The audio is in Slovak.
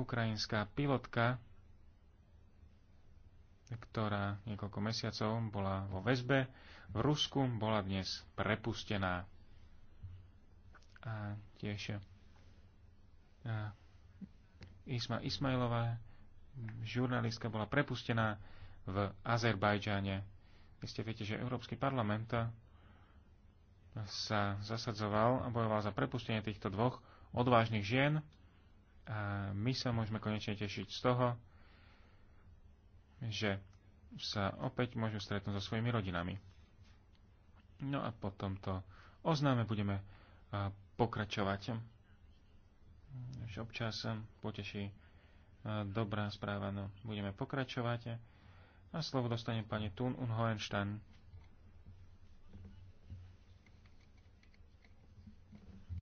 ukrajinská pilotka, ktorá niekoľko mesiacov bola vo väzbe v Rusku, bola dnes prepustená. A tiež a e, Isma Ismailová, žurnalistka, bola prepustená v Azerbajdžane. Vy ste viete, že Európsky parlament sa zasadzoval a bojoval za prepustenie týchto dvoch odvážnych žien a my sa môžeme konečne tešiť z toho, že sa opäť môžu stretnúť so svojimi rodinami. No a po tomto oznáme budeme pokračovať. Už občas poteší dobrá správa, no budeme pokračovať. A slovo dostane pani Thun Unhoenstein.